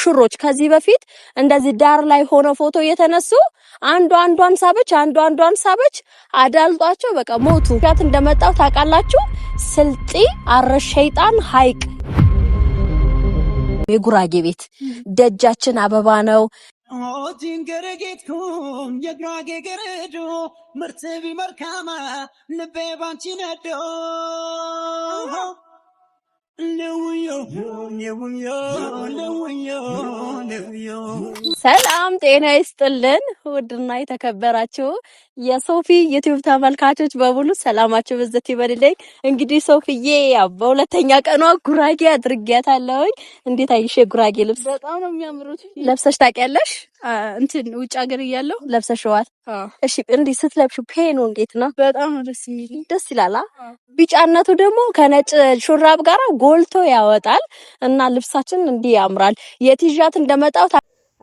ሙሽሮች ከዚህ በፊት እንደዚህ ዳር ላይ ሆነው ፎቶ የተነሱ አንዱ አንዷን ሳበች፣ አንዱ አንዷን ሳበች፣ አዳልጧቸው በቃ ሞቱ። ያት እንደመጣው ታውቃላችሁ። ስልጢ አረ ሸይጣን ሐይቅ የጉራጌ ቤት ደጃችን አበባ ነው። ጅንገረጌትኩም የጉራጌ ገረዶ ምርት ቢመርካማ ልቤ ባንቺ ነዶ ሰላም ጤና ይስጥልን። ውድና የተከበራችሁ የሶፊ ዩቲዩብ ተመልካቾች በሙሉ ሰላማችሁ ብዝት ይበልልኝ። እንግዲህ ሶፊዬ ያው በሁለተኛ ቀኗ ጉራጌ አድርጌያታለሁኝ። እንዴት አይሽ? ጉራጌ ልብስ በጣም ነው የሚያምሩት። ለብሰሽ ታውቂያለሽ? እንትን ውጭ ሀገር እያለሁ ለብሰሽዋል? እሺ። እንዲህ ስትለብሽ ፔኑ እንዴት ነው? በጣም ነው ደስ የሚል። ደስ ይላል። ቢጫነቱ ደግሞ ከነጭ ሹራብ ጋር ጎልቶ ያወጣል እና ልብሳችን እንዲህ ያምራል። የቲዣት እንደመጣው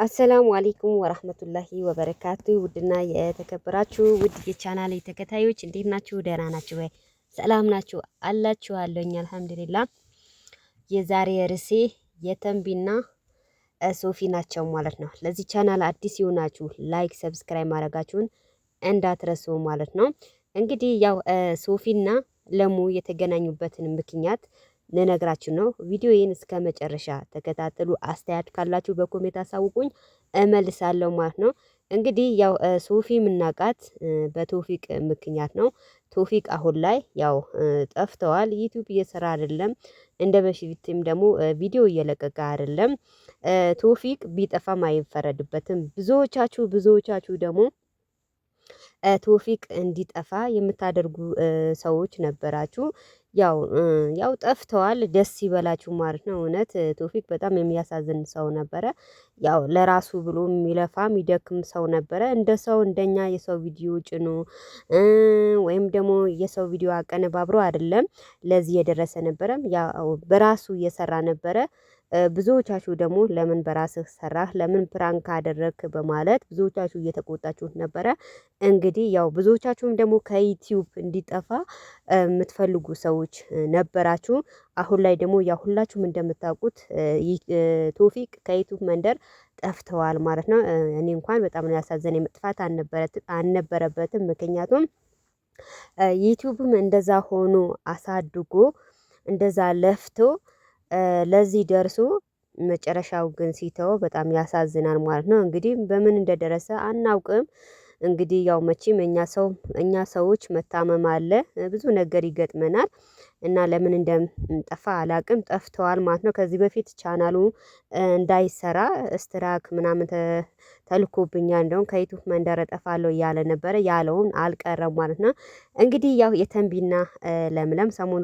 አሰላሙ አሌይኩም ወራህመቱላሂ ወበረካቱ። ውድና የተከበራችሁ ውድ የቻናል ተከታዮች እንዴት ናችሁ? ደህና ናችሁ ወይ? ሰላም ናችሁ አላችኋለሁኝ። አልሐምዱሊላ። የዛሬ ርዕሴ የተንቢና ሶፊ ናቸው ማለት ነው። ለዚህ ቻናል አዲስ የሆናችሁ ላይክ፣ ሰብስክራይብ ማድረጋችሁን እንዳትረሱ ማለት ነው። እንግዲህ ያው ሶፊና ለሙ የተገናኙበትን ምክንያት ልነግራችሁ ነው። ቪዲዮዬን እስከ መጨረሻ ተከታተሉ። አስተያየት ካላችሁ በኮሜንት አሳውቁኝ፣ እመልሳለሁ ማለት ነው። እንግዲህ ያው ሶፊ ምናቃት በቶፊቅ ምክንያት ነው። ቶፊቅ አሁን ላይ ያው ጠፍተዋል። ዩቲዩብ እየሰራ አይደለም፣ እንደ በፊትም ደግሞ ቪዲዮ እየለቀቀ አይደለም። ቶፊቅ ቢጠፋም አይፈረድበትም። ብዙዎቻችሁ ብዙዎቻችሁ ደግሞ ቶፊቅ እንዲጠፋ የምታደርጉ ሰዎች ነበራችሁ። ያው ያው ጠፍተዋል ደስ ይበላችሁ ማለት ነው። እውነት ቶፊክ በጣም የሚያሳዝን ሰው ነበረ። ያው ለራሱ ብሎ የሚለፋ የሚደክም ሰው ነበረ። እንደ ሰው እንደኛ የሰው ቪዲዮ ጭኖ ወይም ደግሞ የሰው ቪዲዮ አቀነባብሮ አይደለም ለዚህ የደረሰ ነበረም ያው በራሱ እየሰራ ነበረ ብዙዎቻችሁ ደግሞ ለምን በራስህ ሰራህ፣ ለምን ፕራንክ አደረግክ በማለት ብዙዎቻችሁ እየተቆጣችሁ ነበረ። እንግዲህ ያው ብዙዎቻችሁም ደግሞ ከዩቲዩብ እንዲጠፋ የምትፈልጉ ሰዎች ነበራችሁ። አሁን ላይ ደግሞ ያው ሁላችሁም እንደምታውቁት ቶፊቅ ከዩቲዩብ መንደር ጠፍተዋል ማለት ነው። እኔ እንኳን በጣም ያሳዘነኝ መጥፋት አልነበረበትም። ምክንያቱም ዩቲዩብም እንደዛ ሆኖ አሳድጎ እንደዛ ለፍቶ ለዚህ ደርሶ መጨረሻው ግን ሲተው በጣም ያሳዝናል ማለት ነው። እንግዲህ በምን እንደደረሰ አናውቅም። እንግዲህ ያው መቼም እኛ ሰው እኛ ሰዎች መታመም አለ ብዙ ነገር ይገጥመናል። እና ለምን እንደምጠፋ አላቅም ጠፍተዋል ማለት ነው። ከዚህ በፊት ቻናሉ እንዳይሰራ ስትራክ ምናምን ተልኮብኛል እንደውም ከዩቱብ መንደር እጠፋለሁ እያለ ነበረ ያለውን አልቀረም ማለት ነው። እንግዲህ ያው የተንቢና ለምለም ሰሞኑ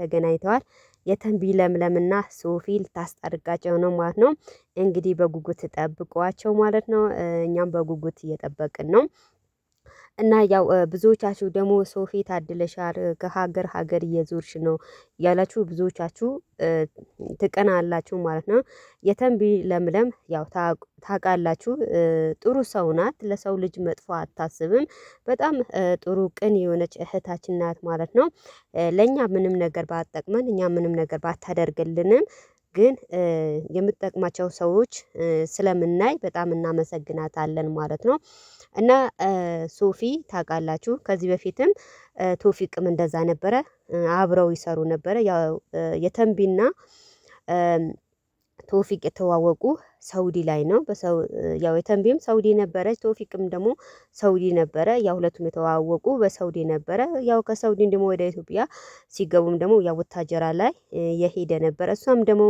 ተገናኝተዋል የተንቢ ለምለምና ሶፊ ልታስታርቃቸው ነው ማለት ነው። እንግዲህ በጉጉት ጠብቋቸው ማለት ነው። እኛም በጉጉት እየጠበቅን ነው እና ያው ብዙዎቻችሁ ደግሞ ሶፊ ታድለሻል ከሀገር ሀገር እየዞርሽ ነው ያላችሁ ብዙዎቻችሁ ትቀናላችሁ ማለት ነው። የተንቢ ለምለም ያው ታውቃላችሁ፣ ጥሩ ሰው ናት። ለሰው ልጅ መጥፎ አታስብም። በጣም ጥሩ ቅን የሆነች እህታችን ናት ማለት ነው። ለእኛ ምንም ነገር ባጠቅመን እኛ ምንም ነገር ባታደርግልንም ግን የምትጠቅማቸው ሰዎች ስለምናይ በጣም እናመሰግናታለን ማለት ነው። እና ሶፊ ታውቃላችሁ ከዚህ በፊትም ቶፊቅም እንደዛ ነበረ አብረው ይሰሩ ነበረ። ያው የተንቢና ቶፊቅ የተዋወቁ ሳውዲ ላይ ነው። ያው የተንቢም ሳውዲ ነበረች፣ ቶፊቅም ደግሞ ሳውዲ ነበረ። ያው ሁለቱም የተዋወቁ በሳውዲ ነበረ። ያው ከሳውዲ ደግሞ ወደ ኢትዮጵያ ሲገቡም ደግሞ ያው ወታጀራ ላይ የሄደ ነበረ። እሷም ደግሞ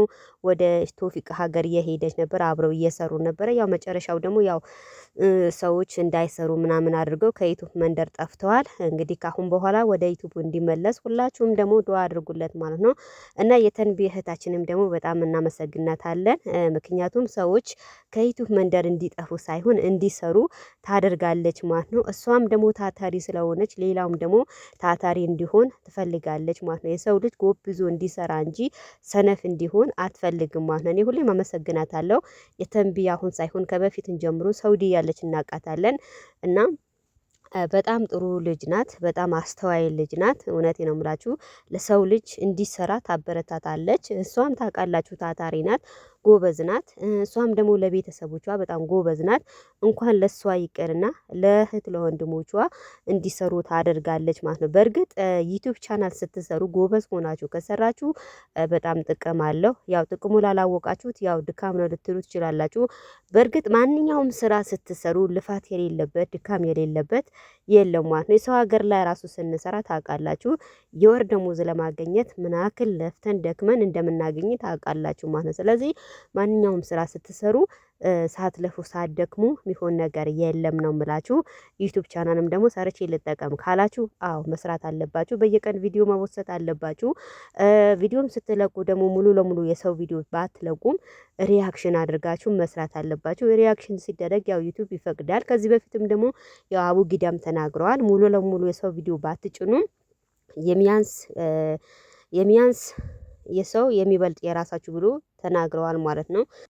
ወደ ቶፊቅ ሀገር የሄደች ነበር። አብረው እየሰሩ ነበረ። ያው መጨረሻው ደግሞ ያው ሰዎች እንዳይሰሩ ምናምን አድርገው ከዩቱብ መንደር ጠፍተዋል። እንግዲህ ካሁን በኋላ ወደ ዩቱብ እንዲመለስ ሁላችሁም ደግሞ ዱዓ አድርጉለት ማለት ነው እና የተንቢ እህታችንም ደግሞ በጣም እናመሰግናታለን ምክንያቱም ሰው ሰዎች ከዩቱብ መንደር እንዲጠፉ ሳይሆን እንዲሰሩ ታደርጋለች ማለት ነው። እሷም ደግሞ ታታሪ ስለሆነች ሌላውም ደግሞ ታታሪ እንዲሆን ትፈልጋለች ማለት ነው። የሰው ልጅ ጎብዞ እንዲሰራ እንጂ ሰነፍ እንዲሆን አትፈልግም ማለት ነው። እኔ ሁሌም አመሰግናታለሁ። የተንቢ አሁን ሳይሆን ከበፊትን ጀምሮ ሰውዲ ያለች እናውቃታለን እና በጣም ጥሩ ልጅ ናት። በጣም አስተዋይ ልጅ ናት። እውነቴ ነው የምላችሁ ለሰው ልጅ እንዲሰራ ታበረታታለች። እሷም ታውቃላችሁ ታታሪ ናት። ጎበዝ ናት። እሷም ደግሞ ለቤተሰቦቿ በጣም ጎበዝ ናት። እንኳን ለእሷ ይቅርና ለእህት ለወንድሞቿ እንዲሰሩ ታደርጋለች ማለት ነው። በእርግጥ ዩቱብ ቻናል ስትሰሩ ጎበዝ ሆናችሁ ከሰራችሁ በጣም ጥቅም አለው። ያው ጥቅሙ ላላወቃችሁት ያው ድካም ነው ልትሉ ትችላላችሁ። በእርግጥ ማንኛውም ስራ ስትሰሩ ልፋት የሌለበት ድካም የሌለበት የለም ማለት ነው። የሰው ሀገር ላይ ራሱ ስንሰራ ታውቃላችሁ፣ የወር ደሞዝ ለማገኘት ምናክል ለፍተን ደክመን እንደምናገኝ ታውቃላችሁ ማለት ነው። ስለዚህ ማንኛውም ስራ ስትሰሩ ሳትለፉ ሳትደክሙ የሚሆን ነገር የለም ነው ምላችሁ ዩቱብ ቻናልም ደግሞ ሰርቼ ልጠቀም ካላችሁ አዎ መስራት አለባችሁ። በየቀን ቪዲዮ መወሰት አለባችሁ። ቪዲዮም ስትለቁ ደግሞ ሙሉ ለሙሉ የሰው ቪዲዮ ባትለቁም ሪያክሽን አድርጋችሁ መስራት አለባችሁ። ሪያክሽን ሲደረግ ያው ዩቱብ ይፈቅዳል። ከዚህ በፊትም ደግሞ ያው አቡ ጊዳም ተናግረዋል። ሙሉ ለሙሉ የሰው ቪዲዮ ባትጭኑም የሚያንስ የሚያንስ የሰው የሚበልጥ የራሳችሁ ብሎ ተናግረዋል ማለት ነው።